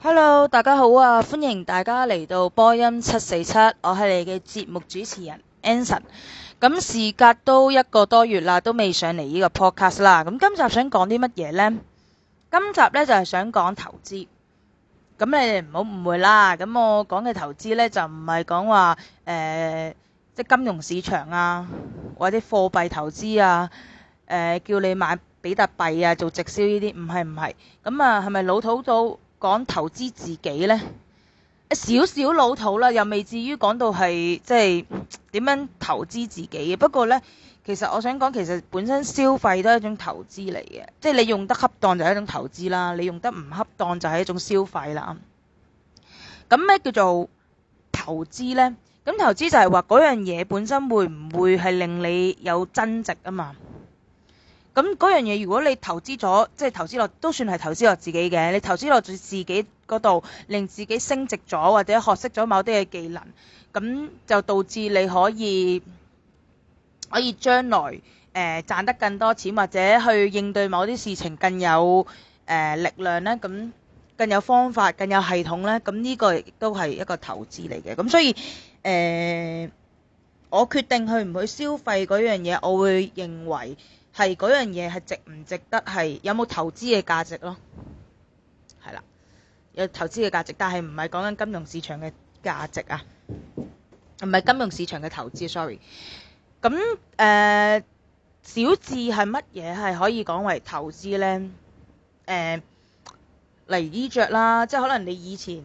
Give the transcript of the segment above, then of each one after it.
Hello，大家好啊！歡迎大家嚟到波音七四七，我係你嘅節目主持人 Anson。咁、嗯、事隔都一個多月啦，都未上嚟呢個 podcast 啦。咁、嗯、今集想講啲乜嘢呢？今集呢就係、是、想講投資。咁、嗯、你哋唔好誤會啦。咁、嗯、我講嘅投資呢，就唔係講話誒，即金融市場啊，或者貨幣投資啊，誒、呃、叫你買比特幣啊做直銷呢啲，唔係唔係。咁啊，係、嗯、咪老土到？講投資自己呢，少少老土啦，又未至於講到係即係點樣投資自己嘅。不過呢，其實我想講，其實本身消費都係一種投資嚟嘅，即係你用得恰當就係一種投資啦，你用得唔恰當就係一種消費啦。咁咩叫做投資呢？咁投資就係話嗰樣嘢本身會唔會係令你有增值啊嘛？咁嗰樣嘢，如果你投資咗，即係投資落都算係投資落自己嘅。你投資落自己嗰度，令自己升值咗，或者學識咗某啲嘅技能，咁就導致你可以可以將來誒、呃、賺得更多錢，或者去應對某啲事情更有誒、呃、力量咧。咁更有方法、更有系統咧。咁呢個亦都係一個投資嚟嘅。咁所以誒、呃，我決定去唔去消費嗰樣嘢，我會認為。係嗰樣嘢係值唔值得，係有冇投資嘅價值咯，係啦，有投資嘅價值，但係唔係講緊金融市場嘅價值啊，唔係金融市場嘅投資，sorry。咁誒、呃，小智係乜嘢係可以講為投資呢？誒、呃、例如衣着啦，即係可能你以前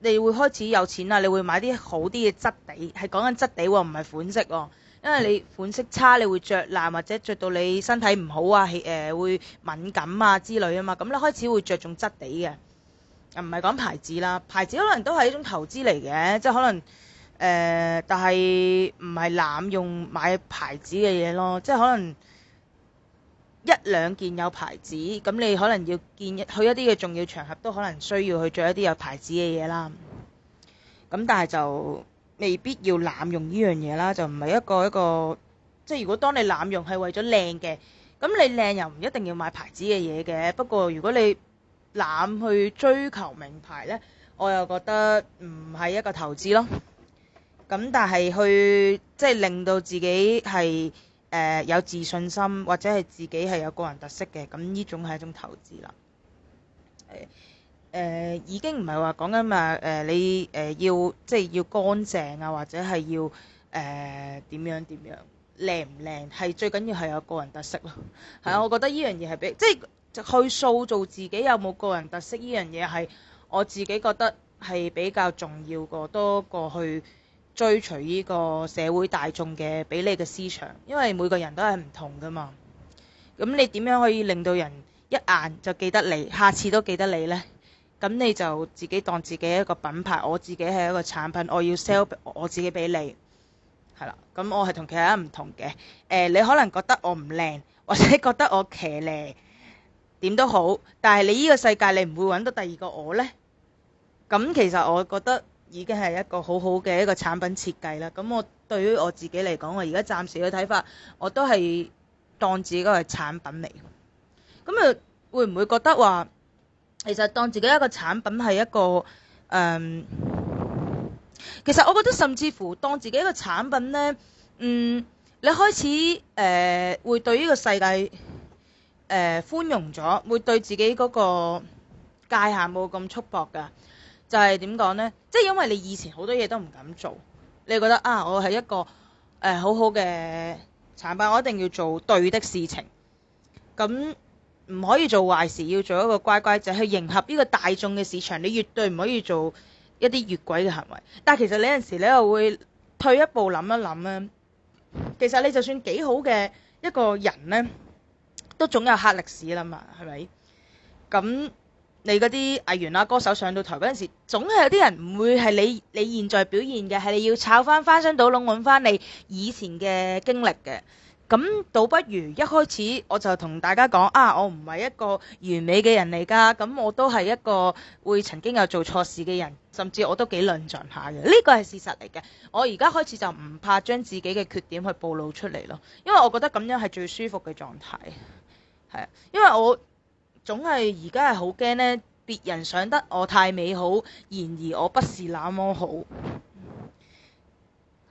你會開始有錢啦，你會買啲好啲嘅質地，係講緊質地喎、啊，唔係款式喎、啊。因為你款式差，你會着爛或者着到你身體唔好啊，誒會敏感啊之類啊嘛，咁你開始會着重質地嘅，唔係講牌子啦，牌子可能都係一種投資嚟嘅，即係可能誒，但係唔係濫用買牌子嘅嘢咯，即係可能一兩件有牌子，咁你可能要見去一啲嘅重要場合都可能需要去着一啲有牌子嘅嘢啦，咁但係就。未必要濫用呢樣嘢啦，就唔係一個一個，即係如果當你濫用係為咗靚嘅，咁你靚又唔一定要買牌子嘅嘢嘅。不過如果你濫去追求名牌呢，我又覺得唔係一個投資咯。咁但係去即係、就是、令到自己係誒、呃、有自信心，或者係自己係有個人特色嘅，咁呢種係一種投資啦，誒、呃、已經唔係話講緊嘛誒、呃、你誒、呃、要即係要乾淨啊，或者係要誒點、呃、樣點樣靚唔靚？係最緊要係有個人特色咯。係、嗯、啊，我覺得呢樣嘢係比即係去塑造自己有冇個人特色呢樣嘢係我自己覺得係比較重要過多過去追隨呢個社會大眾嘅俾你嘅思潮，因為每個人都係唔同㗎嘛。咁你點樣可以令到人一眼就記得你，下次都記得你呢？咁你就自己當自己一個品牌，我自己係一個產品，我要 sell 我自己俾你，係、嗯、啦。咁我係同其他人唔同嘅。誒、呃，你可能覺得我唔靚，或者覺得我騎呢，點都好。但係你呢個世界，你唔會揾到第二個我呢。咁其實我覺得已經係一個好好嘅一個產品設計啦。咁我對於我自己嚟講，我而家暫時嘅睇法，我都係當自己一個產品嚟。咁啊，會唔會覺得話？其實當自己一個產品係一個誒、嗯，其實我覺得甚至乎當自己一個產品呢，嗯，你開始誒、呃、會對呢個世界誒寬、呃、容咗，會對自己嗰個界限冇咁束縛噶，就係點講呢？即、就、係、是、因為你以前好多嘢都唔敢做，你覺得啊，我係一個誒、呃、好好嘅產品，我一定要做對的事情，咁。唔可以做壞事，要做一個乖乖仔，去迎合呢個大眾嘅市場，你絕對唔可以做一啲越軌嘅行為。但其實你有陣時你又會退一步諗一諗啊，其實你就算幾好嘅一個人咧，都總有黑歷史啦嘛，係咪？咁你嗰啲藝員啊、歌手上到台嗰陣時，總係有啲人唔會係你你現在表現嘅，係你要炒翻翻箱倒攏揾翻你以前嘅經歷嘅。咁倒不如一開始我就同大家講啊，我唔係一個完美嘅人嚟㗎，咁我都係一個會曾經有做錯事嘅人，甚至我都幾論盡下嘅，呢個係事實嚟嘅。我而家開始就唔怕將自己嘅缺點去暴露出嚟咯，因為我覺得咁樣係最舒服嘅狀態。係啊，因為我總係而家係好驚呢，別人想得我太美好，然而我不是那麼好。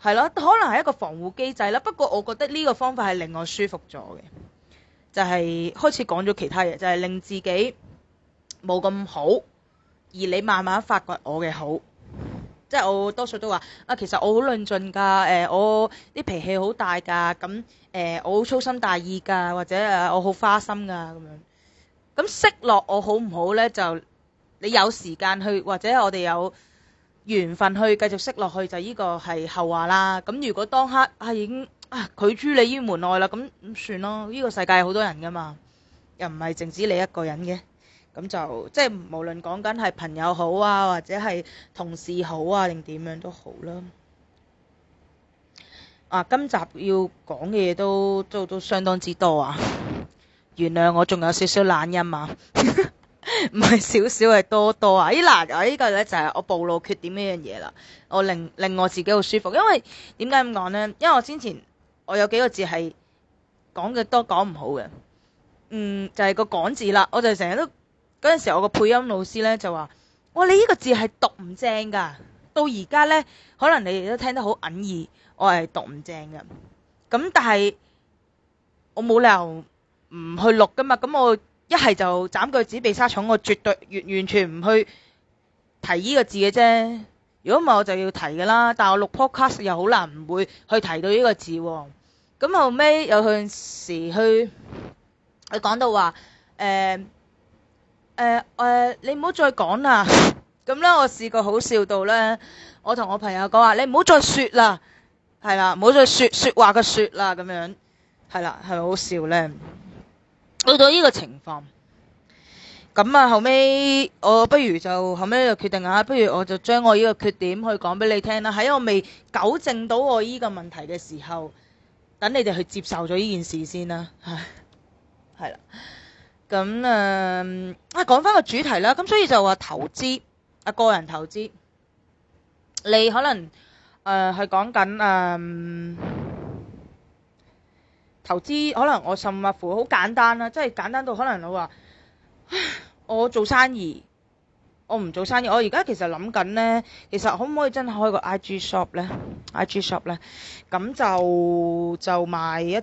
係咯，可能係一個防護機制啦。不過我覺得呢個方法係令我舒服咗嘅，就係、是、開始講咗其他嘢，就係、是、令自己冇咁好，而你慢慢發覺我嘅好。即、就、係、是、我多數都話啊，其實我好論盡㗎，誒、呃，我啲脾氣好大㗎，咁誒、呃，我好粗心大意㗎，或者啊，我好花心㗎咁樣。咁識落我好唔好呢？就你有時間去，或者我哋有緣分去繼續識落去，就呢個係後話啦，咁如果當刻、啊、已經啊拒諸你於門外啦，咁算咯，呢、呢個世界好多人噶嘛，又唔係淨止你一個人嘅，咁就即係無論講緊係朋友好啊，或者係同事好啊，定點樣都好啦、啊。啊，今集要講嘅嘢，都都都相當之多啊，原諒我仲有少少懶音啊。 唔係少少係多多啊！依嗱呢依個咧就係我暴露缺點呢樣嘢啦。我令令我自己好舒服，因為點解咁講呢？因為我先前我有幾個字係講嘅多講唔好嘅。嗯，就係個講字啦，我就成日都嗰陣時，我個配音老師咧就話：我你依個字係讀唔正㗎。到而家呢，可能你哋都聽得好哽耳，我係讀唔正嘅。咁但係我冇理由唔去錄㗎嘛。咁我。一係就斬腳趾、避沙蟲，我絕對完完全唔去提呢個字嘅啫。如果唔係我就要提㗎啦，但我錄 podcast 又好難唔會去提到呢個字。咁後尾有陣時去去講到話，誒誒誒，你唔好再講啦。咁咧我試過好笑到咧，我同我朋友講話，你唔好再説啦，係啦，唔好再説説話嘅説啦，咁樣係啦，係咪好笑咧？到咗呢個情況，咁啊後尾我不如就後尾就決定啊，不如我就將我呢個缺點去講俾你聽、啊、啦。喺我未糾正到我呢個問題嘅時候，等你哋去接受咗呢件事先啦、啊。係，係啦。咁誒、啊，啊，講返個主題啦。咁所以就話投資啊，個人投資，你可能誒係講緊誒。啊投資可能我甚或乎好簡單啦、啊，即係簡單到可能我話我做生意，我唔做生意，我而家其實諗緊呢，其實可唔可以真開個 IG shop 呢 IG shop 呢，咁就就賣一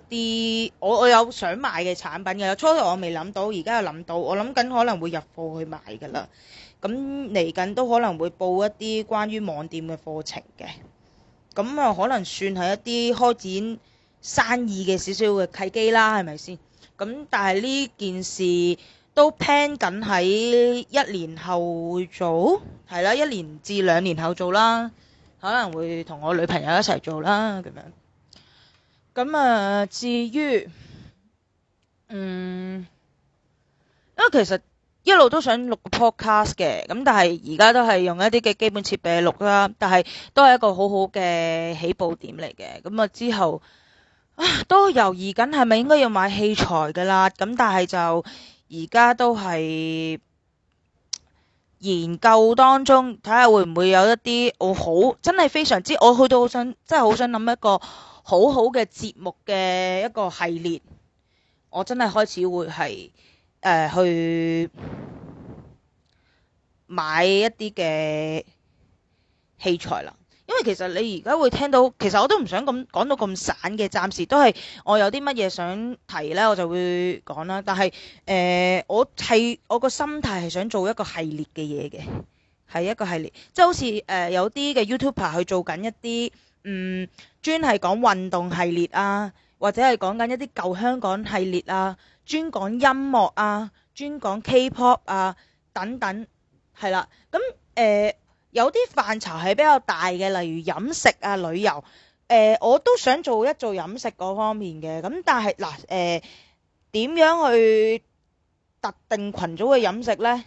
啲我我有想買嘅產品嘅。初頭我未諗到，而家又諗到，我諗緊可能會入貨去賣㗎啦。咁嚟緊都可能會報一啲關於網店嘅課程嘅，咁啊可能算係一啲開展。生意嘅少少嘅契機啦，係咪先？咁但係呢件事都 plan 緊喺一年後做，係啦，一年至兩年後做啦，可能會同我女朋友一齊做啦，咁樣。咁啊，至於，嗯，因為其實一路都想錄個 podcast 嘅，咁但係而家都係用一啲嘅基本設備錄啦，但係都係一個好好嘅起步點嚟嘅，咁啊之後。啊，都猶豫緊，係咪應該要買器材嘅啦？咁但係就而家都係研究當中，睇下會唔會有一啲我好真係非常之，我去到好想，真係好想諗一個好好嘅節目嘅一個系列，我真係開始會係誒、呃、去買一啲嘅器材啦。因為其實你而家會聽到，其實我都唔想咁講到咁散嘅，暫時都係我有啲乜嘢想提呢，我就會講啦。但係誒、呃，我係我個心態係想做一個系列嘅嘢嘅，係一個系列，即係好似誒、呃、有啲嘅 YouTuber 去做緊一啲，嗯，專係講運動系列啊，或者係講緊一啲舊香港系列啊，專講音樂啊，專講 K-pop 啊，等等，係啦，咁、嗯、誒。呃有啲範疇係比較大嘅，例如飲食啊、旅遊，誒、呃，我都想做一做飲食嗰方面嘅。咁但係嗱，誒、呃、點樣去特定群組嘅飲食呢？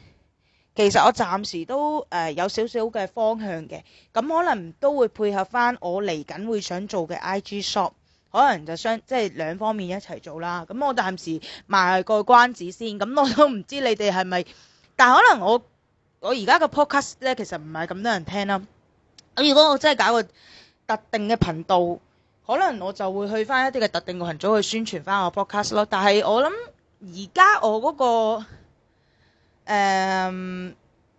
其實我暫時都誒、呃、有少少嘅方向嘅，咁可能都會配合翻我嚟緊會想做嘅 IG shop，可能就雙即係兩方面一齊做啦。咁我暫時賣個關子先，咁我都唔知你哋係咪，但可能我。我而家嘅 podcast 咧，其實唔係咁多人聽啦。咁如果我真係搞個特定嘅頻道，可能我就會去翻一啲嘅特定嘅群組去宣傳翻我的 podcast 咯、那個。但係我諗而家我嗰個誒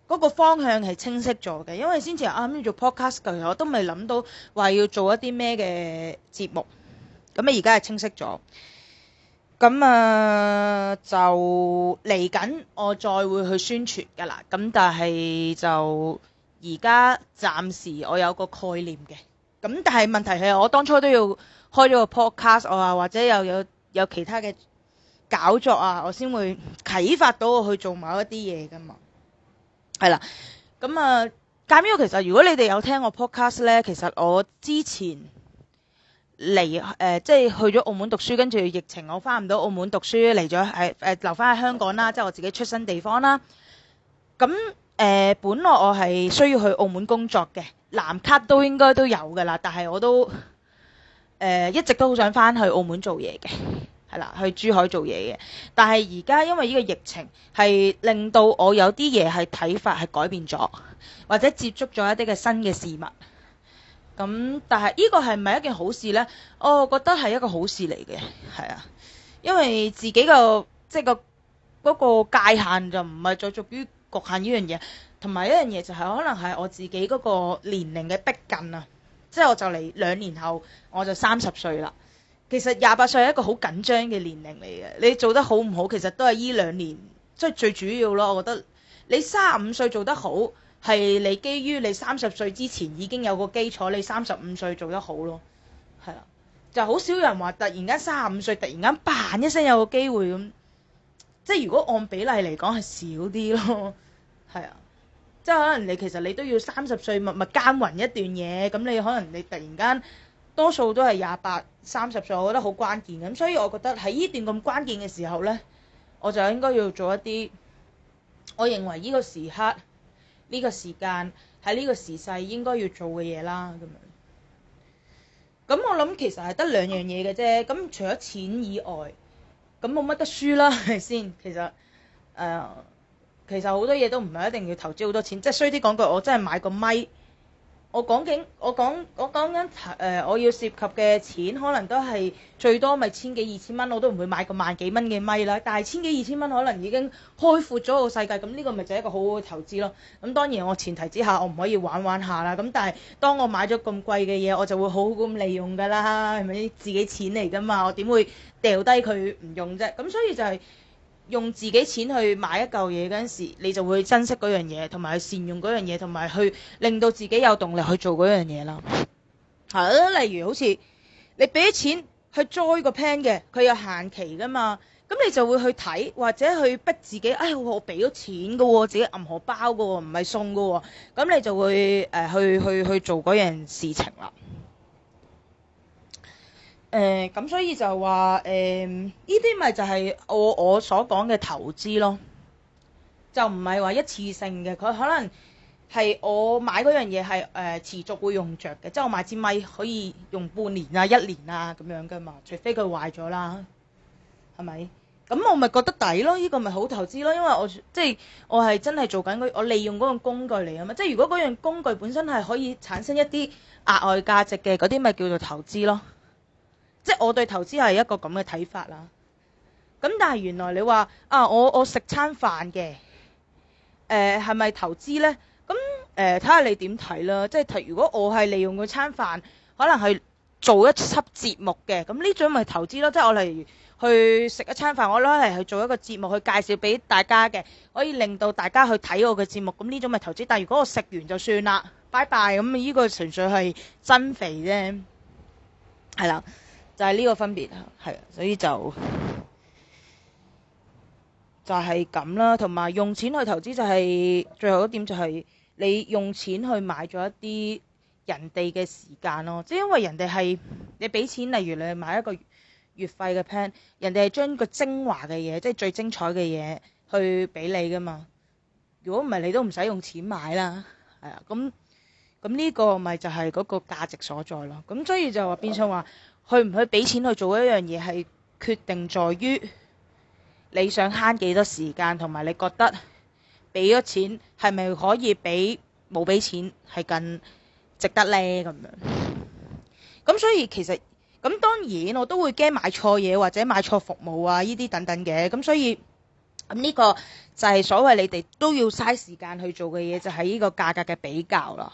嗰個方向係清晰咗嘅，因為先前啱啱、啊、做 podcast 嘅時候，我都未諗到話要做一啲咩嘅節目。咁啊，而家係清晰咗。咁啊，就嚟緊，我再會去宣傳噶啦。咁但係就而家暫時，我有個概念嘅。咁但係問題係，我當初都要開咗個 podcast，我啊或者又有有，有其他嘅搞作啊，我先會啟發到我去做某一啲嘢噶嘛。係啦，咁啊，鑑於其實如果你哋有聽我 podcast 呢，其實我之前。嚟誒、呃，即係去咗澳門讀書，跟住疫情我翻唔到澳門讀書，嚟咗係誒留翻喺香港啦，即係我自己出生地方啦。咁誒、呃，本來我係需要去澳門工作嘅，藍卡都應該都有㗎啦，但係我都誒、呃、一直都好想翻去澳門做嘢嘅，係啦，去珠海做嘢嘅。但係而家因為呢個疫情係令到我有啲嘢係睇法係改變咗，或者接觸咗一啲嘅新嘅事物。咁、嗯、但係呢個係唔係一件好事呢？我覺得係一個好事嚟嘅，係啊，因為自己個即係個嗰個界限就唔係再屬於局限呢樣嘢，同埋一樣嘢就係可能係我自己嗰個年齡嘅逼近啊，即係我就嚟兩年後我就三十歲啦。其實廿八歲係一個好緊張嘅年齡嚟嘅，你做得好唔好，其實都係呢兩年即係、就是、最主要咯。我覺得你三十五歲做得好。係你基於你三十歲之前已經有個基礎，你三十五歲做得好咯，係啊，就好少人話突然間三十五歲突然間扮一聲有個機會咁，即係如果按比例嚟講係少啲咯，係啊，即係可能你其實你都要三十歲默默耕耘一段嘢，咁你可能你突然間多數都係廿八三十歲，我覺得好關鍵，咁所以我覺得喺呢段咁關鍵嘅時候呢，我就應該要做一啲，我認為呢個時刻。呢、這個時間喺呢個時勢應該要做嘅嘢啦，咁樣。咁我諗其實係得兩樣嘢嘅啫。咁除咗錢以外，咁冇乜得輸啦，係咪先？其實誒、呃，其實好多嘢都唔係一定要投資好多錢，即係衰啲講句，我真係買個咪。我講緊，我講我講緊、呃、我要涉及嘅錢可能都係最多咪千幾二千蚊，我都唔會買個萬幾蚊嘅咪啦。但係千幾二千蚊可能已經開闊咗個世界，咁呢個咪就係一個好好嘅投資咯。咁當然我前提之下我唔可以玩玩下啦。咁但係當我買咗咁貴嘅嘢，我就會好好咁利用㗎啦，係咪？自己錢嚟㗎嘛，我點會掉低佢唔用啫？咁所以就係。用自己錢去買一嚿嘢嗰陣時，你就會珍惜嗰樣嘢，同埋善用嗰樣嘢，同埋去令到自己有動力去做嗰樣嘢啦。係啊，例如好似你俾錢去 join 個 plan 嘅，佢有限期噶嘛，咁你就會去睇或者去逼自己，哎呀，我俾咗錢噶喎、哦，自己揼荷包噶喎、哦，唔係送噶喎、哦，咁你就會、呃、去去去做嗰樣事情啦。誒、呃，咁所以就話誒，呢啲咪就係我我所講嘅投資咯，就唔係話一次性嘅，佢可能係我買嗰樣嘢係誒持續會用着嘅，即係我買支咪可以用半年啊一年啊咁樣噶嘛，除非佢壞咗啦，係咪？咁我咪覺得抵咯，呢個咪好投資咯，因為我即係我係真係做緊我利用嗰個工具嚟啊嘛，即係如果嗰樣工具本身係可以產生一啲額外價值嘅嗰啲咪叫做投資咯。即係我對投資係一個咁嘅睇法啦。咁但係原來你話啊，我我食餐飯嘅，誒係咪投資呢？咁誒睇下你點睇啦。即係如果我係利用嗰餐飯，可能係做一輯節目嘅，咁呢種咪投資咯。即係我例如去食一餐飯，我攞嚟去做一個節目，去介紹俾大家嘅，可以令到大家去睇我嘅節目。咁呢種咪投資。但係如果我食完就算啦，拜拜。咁呢個純粹係增肥啫，係啦。就係、是、呢個分別，係，所以就就係、是、咁啦。同埋用錢去投資就係、是、最後一點、就是，就係你用錢去買咗一啲人哋嘅時間咯。即、就、係、是、因為人哋係你俾錢，例如你買一個月費嘅 plan，人哋係將個精華嘅嘢，即、就、係、是、最精彩嘅嘢去俾你噶嘛。如果唔係，你都唔使用，用錢買啦。係啊，咁咁呢個咪就係嗰個價值所在咯。咁所以就話變相話。去唔去俾錢去做一樣嘢，係決定在於你想慳幾多時間，同埋你覺得俾咗錢係咪可以畀冇俾錢係更值得呢？咁樣，咁所以其實咁，當然我都會驚買錯嘢或者買錯服務啊、呢啲等等嘅，咁所以咁，呢個就係所謂你哋都要嘥時間去做嘅嘢，就係、是、呢個價格嘅比較啦，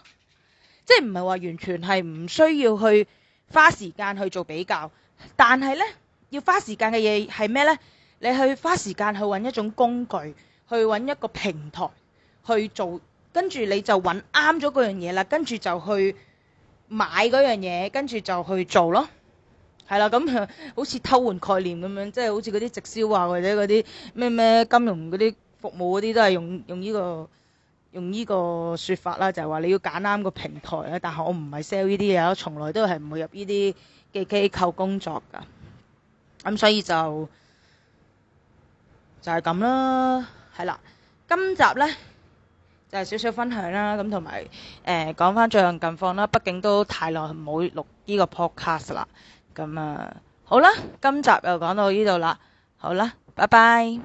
即係唔係話完全係唔需要去。花時間去做比較，但係呢要花時間嘅嘢係咩呢？你去花時間去揾一種工具，去揾一個平台去做，跟住你就揾啱咗嗰樣嘢啦，跟住就去買嗰樣嘢，跟住就去做咯。係啦，咁好似偷換概念咁樣，即係好似嗰啲直銷啊，或者嗰啲咩咩金融嗰啲服務嗰啲，都係用用呢個。用呢個說法啦，就係話你要揀啱個平台啊！但係我唔係 sell 呢啲嘢，我從來都係唔會入呢啲嘅機構工作㗎。咁所以就就係咁啦，係啦。今集呢就係少少分享啦，咁同埋誒講翻最近近況啦。畢竟都太耐冇錄呢個 podcast 啦。咁啊，好啦，今集又講到呢度啦。好啦，拜拜。